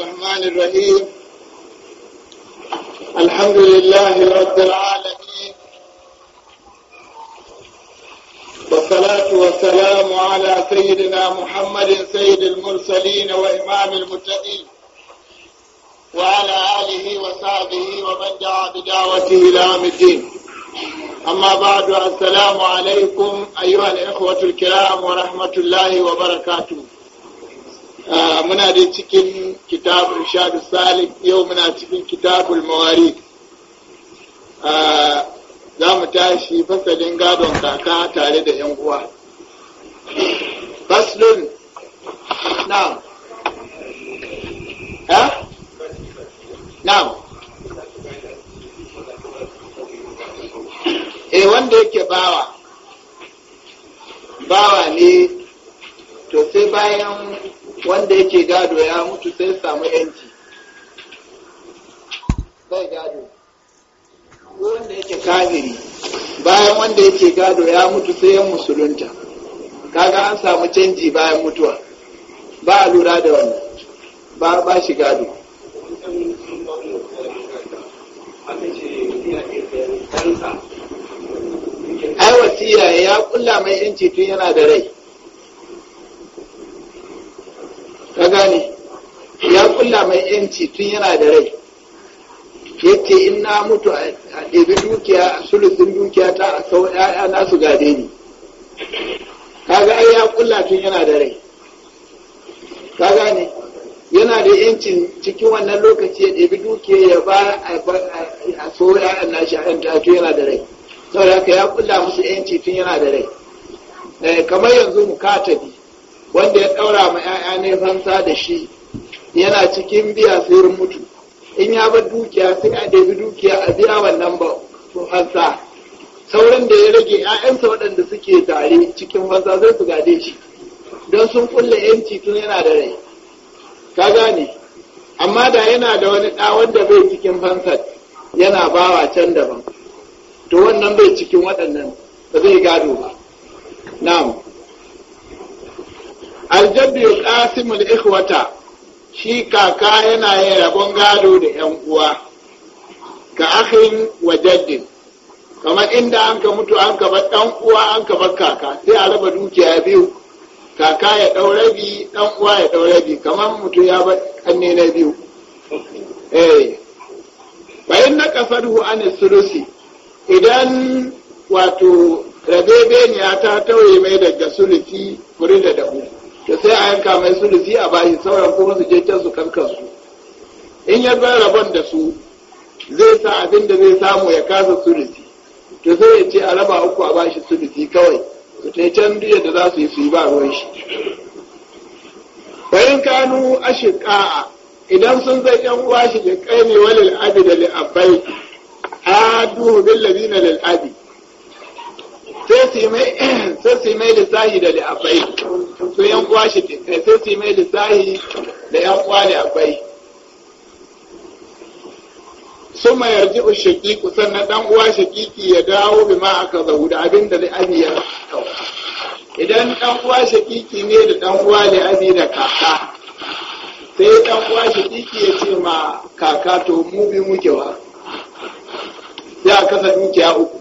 الرحمن الرحيم الحمد لله رب العالمين والصلاة والسلام على سيدنا محمد سيد المرسلين وإمام المتقين وعلى آله وصحبه ومن دعا بدعوته إلى يوم الدين أما بعد السلام عليكم أيها الإخوة الكرام ورحمة الله وبركاته Ah, muna da cikin kitabul shadu salik yau muna cikin kitabul mawari ah, za mu tashi fasalin gadon kaka tare da yan uwa faslun na'am ha na'am eh wanda yake bawa wanda yake gado ya mutu sai samu yanci sai gado wanda yake kafiri bayan wanda yake gado ya mutu sai yan musulunta kaga an samu canji bayan mutuwa ba a lura da wannan ba ba shi gado ai wasiya ya kulla mai yanci tun yana da rai ka gane ya kulla mai yanci tun yana da rai Ya ce in na mutu a ɗebi dukiya a sulusin dukiya ta a sau ya'ya nasu gade ni kaga ai ya kulla tun yana da rai ka gane yana da yancin cikin wannan lokaci ya ɗebi dukiya ya ba a sau na shi a yanta tun yana da rai saboda haka ya kulla musu yanci tun yana da rai eh, kamar yanzu mu katabi wanda ya ɗaura ma 'ya'ya ne fansa da shi yana cikin biya sayar mutu in ya bar dukiya sai a ɗabi dukiya a biya wannan ba fansa sauran da ya rage 'ya'yansa waɗanda suke tare cikin fansa zai su gade shi don sun kulle 'yanci tun yana da rai ka gane amma da yana da wani ɗa wanda bai cikin fansa yana bawa can daban to wannan bai cikin waɗannan ba zai gado ba na'am aljaddu ya ƙasimul ikhwata shi kaka yana yin rabon gado da yan uwa ka akhin wa jaddin kamar inda an ka mutu an ka bar dan uwa an ka bar kaka sai a raba dukiya biyu kaka ya dau rabi dan uwa ya dau rabi kamar mutu ya bar kanne na biyu eh bayan na kafaru an sulusi idan wato rabebeniya ta tauye mai daga sulusi kuri da dahu Da sai a yanka mai sulusi a bashi sauran kuma su je can su su. in ya zai rabon da su zai sa abin da zai samu ya kasa sulusi to zai ya ce a raba uku a bashi sulusi kawai su ta can da za su yi su yi ba ruwan shi bayan kanu ashiqa'a idan sun zai yan uwa shi da kai ne wani abi da li'abbai, a duhu bin lalina lil sai su yi mai lissahi da li'abai su yan uwa shi sai su yi mai lissahi da yan uwa li'abai sun ma yarji sannan dan uwa shakiki ya dawo bi ma aka zahu da abin da li'abi ya idan dan uwa shakiki ne da dan uwa li'abi da kaka sai dan uwa shakiki ya ce ma kaka to mu bi muke wa ya kasa dukiya uku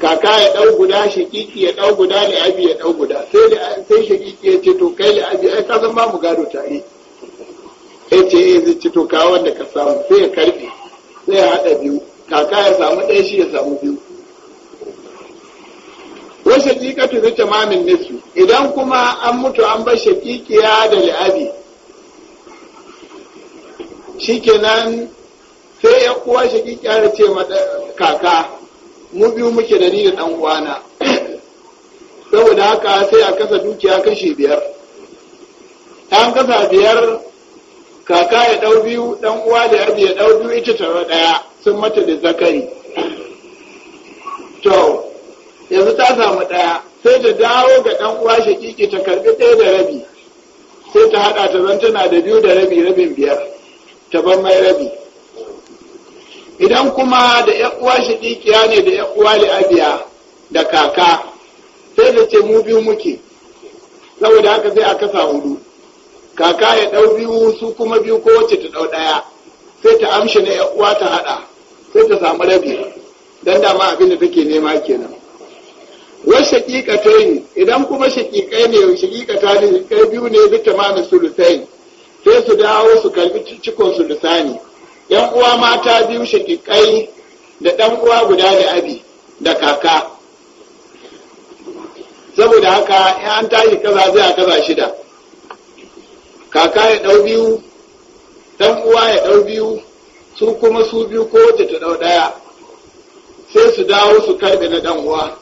kaka ya ɗau guda shakiki ya ɗau guda da abi ya ɗau guda sai sai shakiki ya ce to kai da abi ai ka san ba mu gado tare sai ce eh zai ce to ka wanda ka samu sai ya karbe sai ya haɗa biyu kaka ya samu ɗaya shi ya samu biyu wa shaqiqatu bi mamin nisfi idan kuma an mutu an bar shaqiqiya da li'abi shikenan sai ya kuwa shaqiqiya da ce kaka mu biyu muke da ni da ɗan uwana saboda haka sai a kasa dukiya kashi biyar Ɗan kasa biyar kaka ya ɗau biyu ɗan uwa da yabi ya ɗau biyu ita tara ɗaya sun mata da zakari to yanzu ta samu ɗaya sai ta dawo ga ɗan uwa shakiki ta karɓi ɗaya da rabi sai ta haɗa ta zan tana da biyu da rabi rabin biyar ta ban mai rabi idan kuma da ‘yan uwa shaƙiƙiya ne da ‘yan uwa abiya da kaka sai da ce mu biyu muke saboda haka sai a kasa hudu kaka ya ɗau biyu su kuma biyu ko wacce ta ɗau ɗaya sai ta amshi na ‘yan uwa ta haɗa sai ta samu rabi don dama abin da take nema kenan wasu shaƙiƙatai ne idan kuma shaƙiƙai ne shaƙiƙata ne kai biyu ne bitamamin sulutai sai su dawo su karbi cikonsu lisani yan uwa mata biyu shakikai da ɗan uwa guda da abi da kaka saboda haka in an tashi kaza zai a kaza shida kaka ya ɗau biyu ɗan uwa ya ɗau biyu su kuma su biyu ko wacce ta ɗau ɗaya sai su dawo su karɓe na ɗan uwa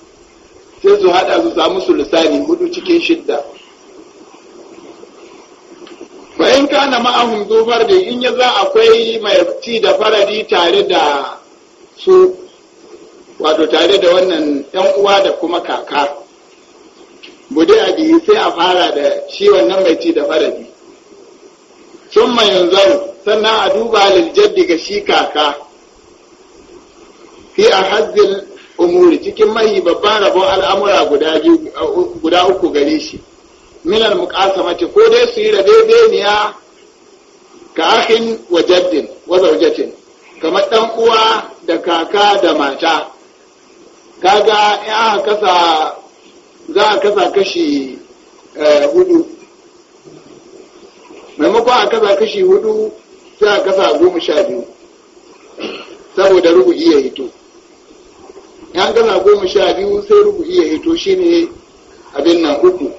sai su haɗa su samu su hudu cikin shidda kana ma'ahun zu da in ya za akwai mai ci da faradi tare da su wato tare da wannan yan uwa da kuma kaka bude a biyu sai a fara da shi wannan mai ci da faradi sun mai yanzu sannan a duba liljaddi daga shi kaka fi a hazzin umuri cikin mahi babban rabon al'amura guda uku gare shi minal mace ko dai su yi da rabebeniya ka akhin wa jaddin wa zaujatin kamar dan uwa da kaka da mata kaga ya kasa za a kasa kashi eh, hudu maimakon a kasa kashi hudu sai a kasa goma sha biyu saboda rubu iya hito yan kasa goma sha biyu sai rubu iya hito shine abin nan uku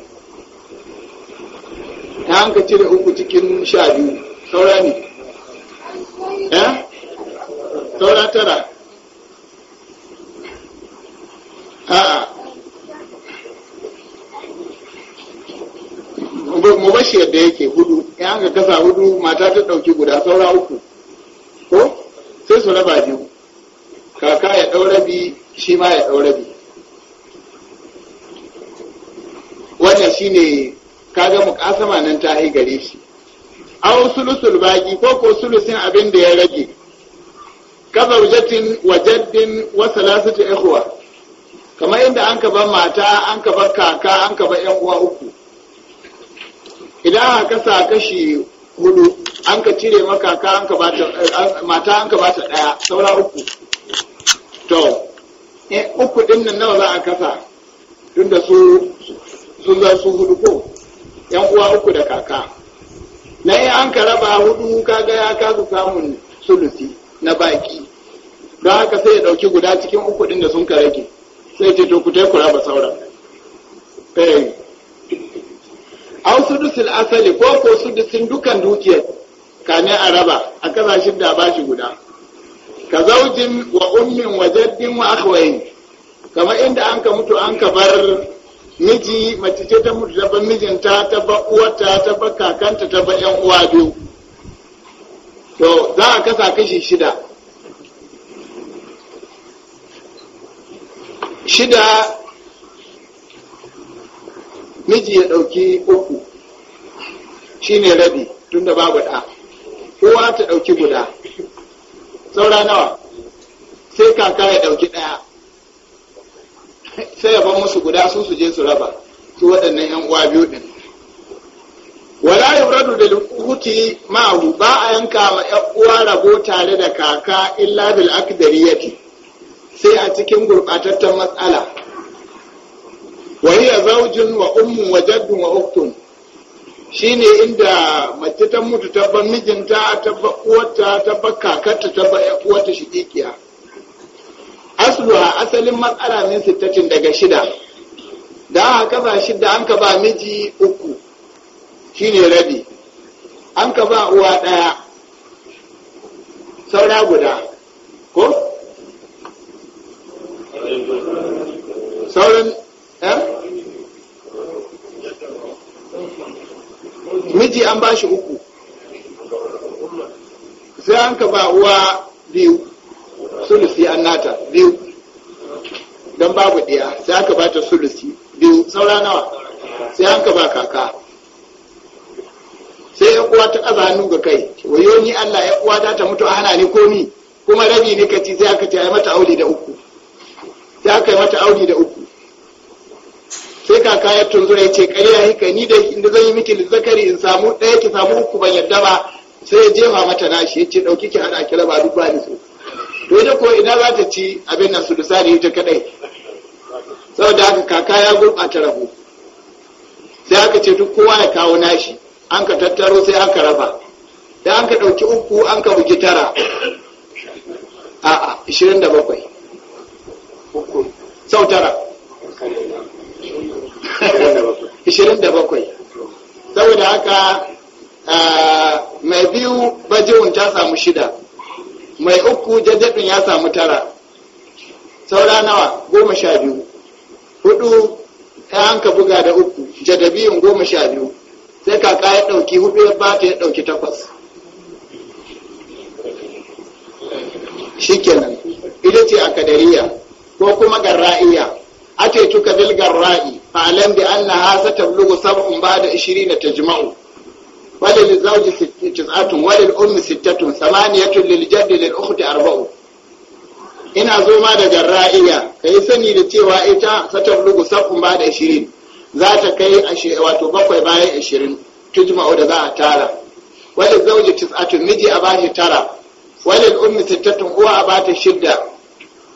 ta hanka cire uku cikin sha biyu saura ne ya saura tara a'a mu bashi yadda yake hudu Ya ga kasa hudu mata ta ɗauki guda saura uku ko sai su raba biyu kaka ya ɗaura bi, shi ma ya ɗaura bi. wannan shine kaga mukasama nan ta gare shi aw sulusul baqi ko ko sulusin abin da ya rage ka zaujatin wa jaddin wa salasati ikhwa kamar inda an ka ba mata an ka ba kaka an ka ba yan uwa uku idan aka sa kashi hudu an ka cire maka an ka ta eh, mata an ka ta daya saura uku to eh, uku din nan nawa za a kasa tunda su sun za su hudu ko yan uwa uku da kaka na yi an ka raba hudu kaga ya kasu samun sulusi na baki don haka sai ya dauki guda cikin uku din da sun ka rage sai ce to ku ku raba sauran eh au sudusul asali ko ko sudusin dukan dukiyar kane a raba a kasashen da bashi guda ka zaujin wa ummin wa jaddin wa kamar inda an ka mutu an ka bar miji mace ce ta mutu ta mijinta ta ba uwarta ta ba kakanta ta ba yan uwa biyu to za a kasa kashi shida shida miji ya ɗauki uku shine rabi tunda babu ɗa uwa ta ɗauki guda saura nawa sai kaka ya ɗauki ɗaya sai ya ban musu guda su su je su raba su waɗannan yan uwa biyu din wala yuradu lil huti ma'ahu ba a yanka ma yan uwa rabo tare da kaka illa bil akdariyati sai a cikin gurbatattan matsala wa hiya zawjun wa ummun wa jaddu wa uktun shine inda mace ta mutu tabbar mijinta tabbar uwarta tabbar kakarta tabbar uwarta shigikiya asluha asalin matsala min sittatin daga shida da aka kaba shida an ka ba miji uku shine rabi an ka ba uwa ɗaya saura guda ko sauran eh? miji an ba shi uku sai an ka ba uwa biyu sulusi an nata biyu don babu ɗaya sai aka ba ta sulusi biyu saura nawa sai an ka ba kaka sai yan uwa ta ƙasa hannu ga kai wayo ni Allah ya uwa ta mutu a hana ni komi kuma rabi ne kaci sai aka ce mata aure da uku sai aka yi mata aure da uku sai kaka ya tunzura ya ce ya hika ni da inda zan yi miki zakari in samu ɗaya ki samu uku ban yadda ba sai ya jefa mata nashi ya ce ɗauki ki haɗa ki raba duk ba ni so to ita ko ina za ta ci abin nan sulusani ita kadai saboda haka kaka ya gurɓata rabo sai aka ce duk kowa ya kawo nashi an ka tattaro sai an ka raba da an ka ɗauki uku an ka buki tara a ishirin da bakwai sau tara ishirin da bakwai saboda haka ah, mai biyu bajewun ta samu shida mai uku jaddadin ya samu tara saura nawa goma sha biyu hudu ta hanka buga da uku jadabiyin goma sha biyu sai kaka ya ɗauki hudu ya bata ya ɗauki takwas shikenan ita ce akadariya ko kuma garra'iya ake tuka bil garra'i alam bi anna hasa tablugu sab'un ba'da 20 tajma'u walil zawji tis'atun walil ummi sittatun samaniyatun lil jaddi lil ukhti arba'u ina zo ma daga ra'iya kai sani da cewa ita satablugu sab'un ba da 20 za ta kai wato bakwai bayan 20 tujma'u da za a tara walil zawji tis'atun miji a bashi tara walil ummi sittatun uwa a bata shidda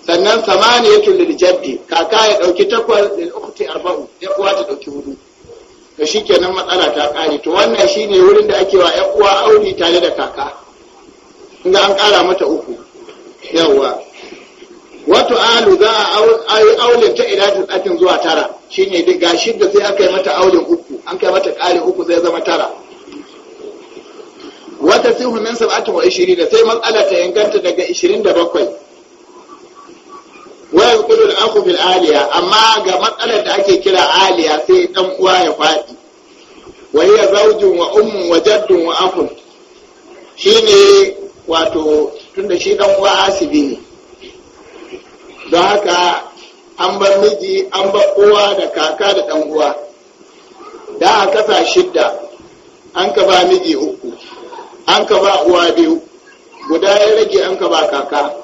sannan samaniyatun lil jaddi kaka ya ɗauki takwas lil ukhti arba'u ya uwa ta ɗauki hudu da shi kenan matsala ta ƙare to wannan shi ne wurin da ake wa ‘yan uwa aure tare da kaka inda an ƙara mata uku yawa wato alu za a yi aure ta ila tsakin zuwa tara shi ne daga da sai aka yi mata aure uku an kai mata ƙare uku zai zama tara wata sihu min sab'atu wa ishirin da sai matsala ta inganta daga ishirin da bakwai wayan Kudur al-akhu bil aliya amma ga matsalar da ake kira aliya sai dan uwa ya faɗi wa hiya zawjun wa ummun wa jaddun wa akhun shine wato tunda shi dan uwa asibi ne don haka an bar miji an bar kowa da kaka da dan uwa da a kasa shidda an ka ba miji uku an ka ba uwa biyu guda ya rage an ka ba kaka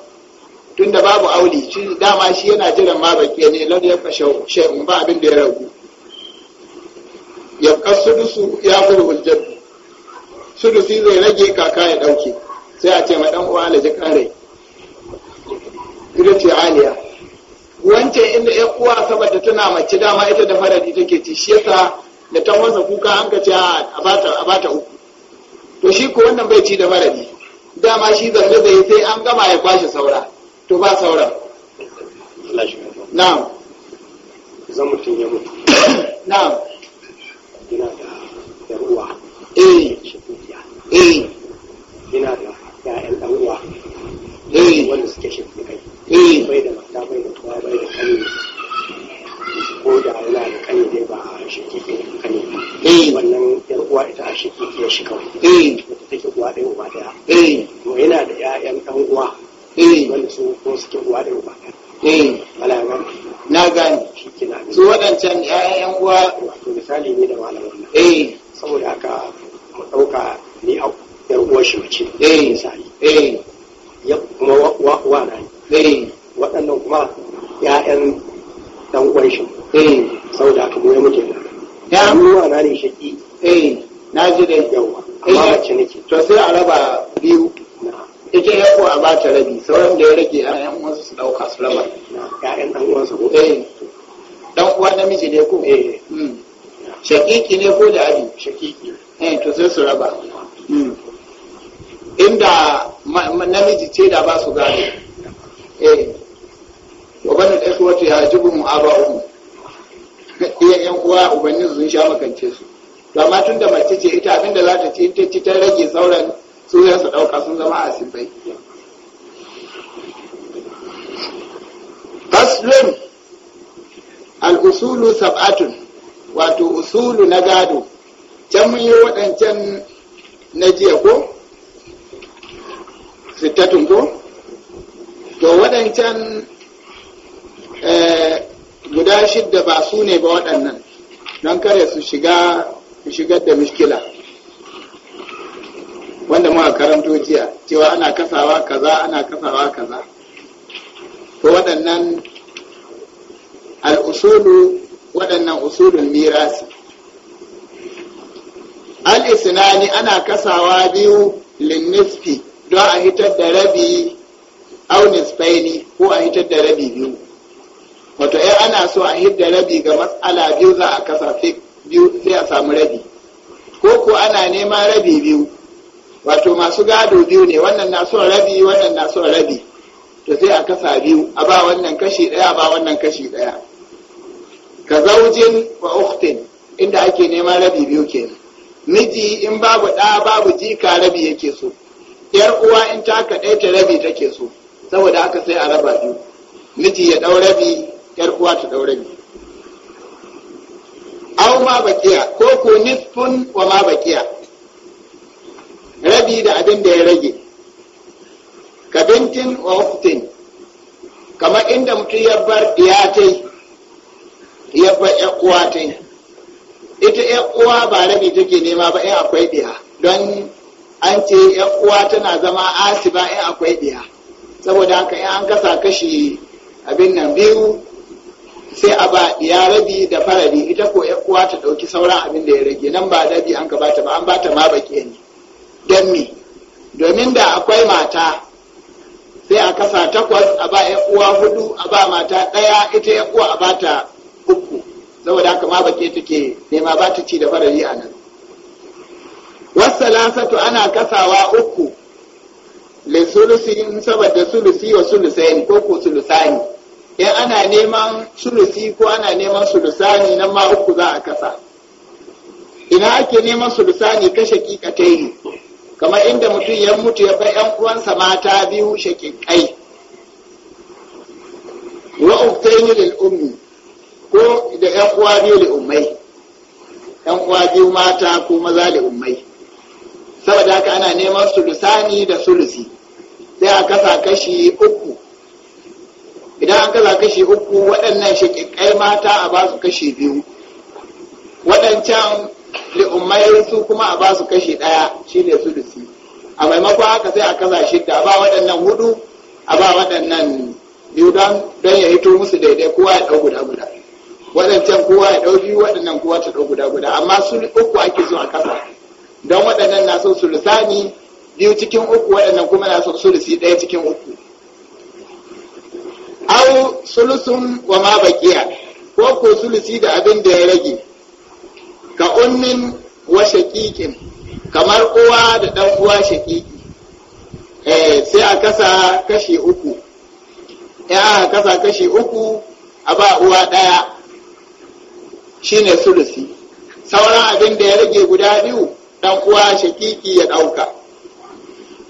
tunda babu auli shi dama shi yana jiran ma baki ne lan ya fashe shay'un ba abin da ya ragu ya kasudusu ya kuru hujjar sudusi zai rage kaka ya dauke sai a ce ma dan uwa alaji kare ita ce aliya wancan inda ya uwa saboda tana mace dama ita da faradi take ci shi yasa da ta wasa kuka an ka ce ah, a bata a bata uku to shi ko wannan bai ci da faradi dama shi zalle zai sai an gama ya kwashe saura to ba saura na'am zan mutum ya mutu na'am yana da yar uwa eh eh yana da ya'yan dan uwa eh wanda suke shi kai eh bai da mata bai da kuwa bai da kani ko da yana da kani dai ba a shi kike kani eh wannan yar uwa ita a shi kike shi kawai eh take uwa dai uba daya eh yana da ya'yan ɗanuwa uwa Eh, wanda su ko suke uwa da uba malaman eh, na gane su waɗancan ƴaƴan uwa wato misali ne da malaman nan eh. saboda haka mu ɗauka ni a ƴan uwar shi mace misali ya kuma wa na ne waɗannan kuma ƴaƴan ɗan uwan shi saboda haka mu ya muke da ya ruwa na ne shaƙi na ji da yawa amma mace nake to sai a raba biyu ita ya kuwa ba ta rabi sauran da ya rage a yan wasu su dauka su raba dan uwansa ko eh dan uwa namiji ne ko eh hmm. shakiki ne ko da abi shakiki eh to sai su raba hmm. inda namiji ce da ba su gane. eh wa bani da su wata yajibu mu aba'u iya yan uwa ubanni sun sha makance su to amma tunda mace ce ita abinda za ta ci ta ci ta rage sauran su ya su dauka sun zama a sifai faslun al'usulu sab'atun wato usulu na gado can mun yi waɗancan na jiya ko sittatun ko to waɗancan eh, guda shidda ba su ne ba waɗannan don kare su shiga shigar da mishkila. wanda muka karanto jiya cewa ana kasawa kaza ana kasawa kaza to waɗannan al'usulu waɗannan usulun mirasi al'isinani ana kasawa biyu linnisfi don a hitar da rabi aunis baini ko a hitar da rabi biyu wato in ana so a hitar rabi ga matsala biyu za a kasa biyu sai a samu rabi ko ko ana neman rabi biyu wato masu gado biyu ne wannan na son rabi wannan na son rabi to sai a kasa biyu a ba wannan kashi daya a ba wannan kashi daya ka zaujin wa uktin inda ake neman rabi biyu kenan miji in babu ɗa babu jika rabi yake so yar uwa in ta kaɗai ta rabi take so saboda haka sai a raba biyu miji ya dau rabi yar uwa ta dau rabi au ma bakiya ko ko nisfun wa ma bakiya rabi da abin da ya rage ka bintin wa kamar inda mutum ya bar iyatai ya bar ita yan ba rabi take nema ba in akwai ɗiya, don an ce yan tana zama asi ba in akwai ɗiya. saboda haka in an kasa kashi abin nan biyu sai a ba ya rabi da farari ita ko ya ta ɗauki sauran abin da ya rage nan ba rabi an ka bata ba an bata ma baki ne don me domin da akwai mata sai a kasa takwas a ba uwa hudu a ba mata ɗaya ita uwa a ba uku saboda haka ma bake take nema ba ta ci da farari a nan wasu lasatu ana kasawa uku le sulusi saboda sulusi wa sulusai ko ko sulusani in ana neman sulusi ko ana neman sulusani nan ma uku za a kasa ina ake neman sulusani kashe kikatai kamar inda mutum ya mutu ya bai yan uwansa mata biyu kai wa uktaini lil ummi ko da yan uwa biyu lil ummai yan uwa biyu mata ko maza lil ummai saboda haka ana neman sulusani da sulusi sai a kasa kashi uku idan an kasa kashi uku waɗannan kai mata a ba su kashi biyu waɗancan li umayr su kuma a basu kashi daya shine su a maimakon haka sai a kasa da ba waɗannan hudu a ba waɗannan biyu don don ya hito musu daidai kowa ya ɗau guda guda waɗancan kowa ya ɗau biyu waɗannan kowa ta ɗau guda guda amma su uku ake zuwa a kasa don waɗannan na son sulusani biyu cikin uku waɗannan kuma na son sulusi ɗaya cikin uku au sulusun wa ma bakiya, ko ko sulusi da abin da ya rage ummin wa shaqiqin kamar uwa da dan uwa shaqiqi eh sai a kasa kashi uku ya kasa kashi uku a ba uwa daya shine sulusi sauran abin da ya rage guda biyu ɗan uwa shaqiqi ya dauka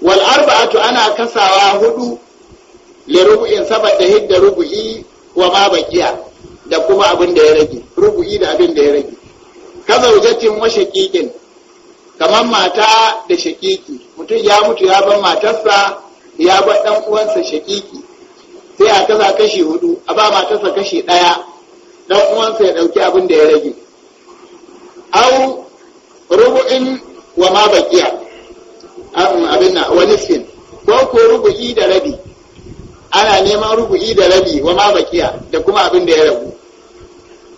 wal arba'atu ana kasawa hudu ya rubu'in saboda hidda rubu'i wa ma baqiya da kuma abin da ya rage rubu'i da abin da ya rage ka zaujatin wa kamar mata da shaƙiƙi mutum ya mutu ya bar matarsa ya bar ɗan uwansa shaƙiƙi sai a kasa kashi hudu a ba matarsa kashi ɗaya ɗan uwansa ya ɗauki abin da ya rage au rubu'in wa ma baƙiya abin na wani sin ko ko rubu'i da rabi ana neman rubu'i da rabi wa ma baƙiya da kuma abin da ya ragu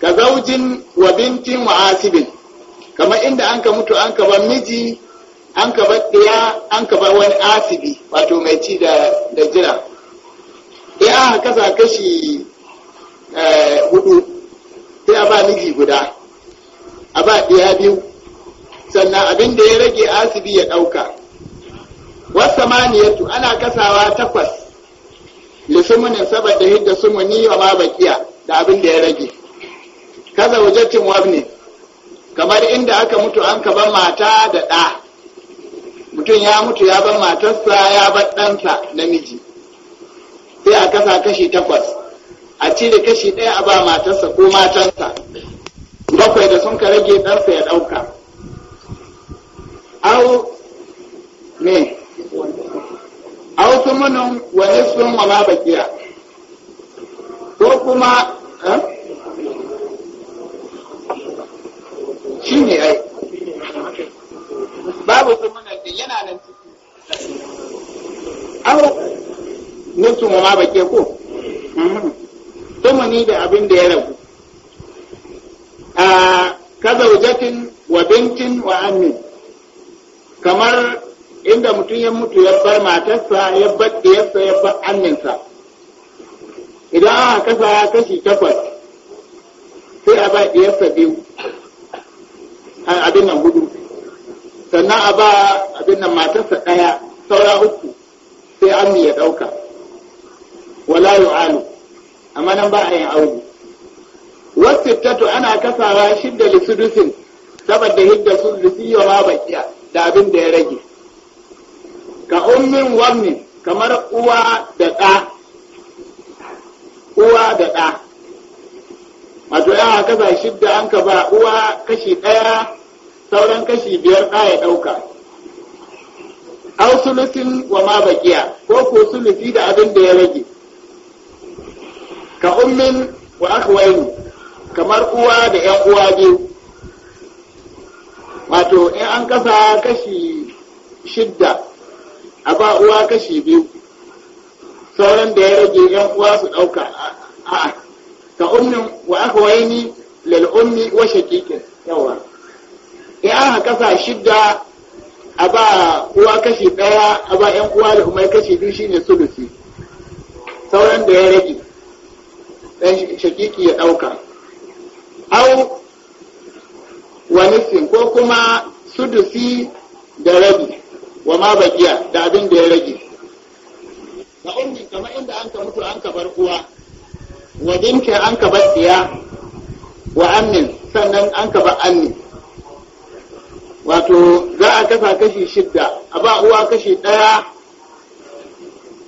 ka zaujin wa bintin wa asibin kamar inda an ka mutu an ka bar miji an ka bar ɗaya an ka bar wani asibi wato mai ci da jira ya aka kasa kashi eh, hudu sai a ba miji guda a ba ɗaya biyu sannan abin da ya rage asibi ya ɗauka wasu maniyatu ana kasawa takwas lisumunin saboda hidda sumuni wa ma bakiya da abin da ya rage kaza wajatin wabni kamar inda aka mutu an ka bar mata da ɗa mutum ya mutu ya bar matarsa ya bar ɗansa namiji sai a kasa kashi takwas a cire kashi ɗaya a ba matarsa ko matansa bakwai da sun ka rage ɗansa ya ɗauka au me au sumunin wani sun ma bakiya ko kuma eh? shi ne ai babu zumunan da yana nan ciki aure su ma ba ke ko mhm. da abin da ya rabu a wajatin wa bintin wa amin kamar inda mutum ya mutu ya bar matarsa ya bar ɗiyarsa ya bar aminsa idan aka kasa kashi takwas sai a ba ɗiyarsa biyu abin nan hudu sannan a ba abin nan matarsa ɗaya saura uku sai an ya ɗauka wala yu'alu amma nan ba a yin aure wasu tattu ana kasawa shidda lisudusin saboda hidda sudusi yawa ma bakiya da abin da ya rage ka ummin wannan kamar uwa da ɗa uwa da ɗa kaza shidda an ka ba uwa kashi ɗaya sauran kashi biyar ɗa ya ɗauka au sulusin wa ma bakiya ko ko sulusi da abin da ya rage ka ummin wa akhwaini kamar uwa da ƴan uwa biyu wato in an kasa kashi shidda a ba uwa kashi biyu sauran da ya rage yan uwa su ɗauka a ka ummin wa akwai waini lal'ummi wa shaqiqin yawa ya aka kasa shidda a ba uwa kashi daya a ba yan uwa da umai kashi biyu shine sulusi sauran da ya rage dan shakiki ya dauka au wanisin ko kuma sudusi da rabi wa ma bakiya da abin da ya rage ka ummi kamar inda an ka mutu an ka bar uwa wa binta an ka bar tsiya wa amin sannan an ka ba amin wato za a kasa kashi shidda a ba uwa kashi ɗaya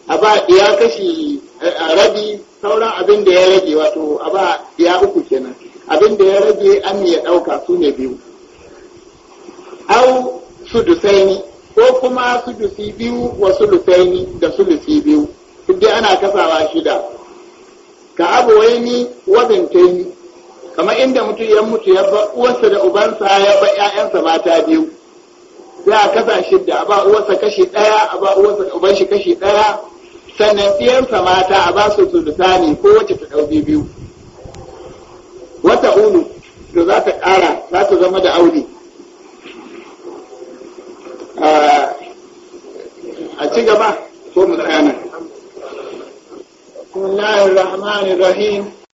a ba ɗiya kashi eh, rabi sauran abin da ya rage wato a ba ɗiya uku kenan abin da ya rage an ya ɗauka su ne biyu au su dusaini ko kuma su sudusi biyu wa su dusaini da su sulusi biyu duk ana kasawa shida ka ni wabin taini kamar inda mutum ya mutu ya ba uwarsa da ubansa ya ba ƴaƴansa mata biyu za a kasa shi a ba uwarsa kashi ɗaya a ba uwarsa uban shi kashi ɗaya sannan ɗiyansa mata a ba su ne ko wacce ta ɗau biyu wata ulu da za ta ƙara za ta zama da aure a ci gaba ko mu tsaya nan.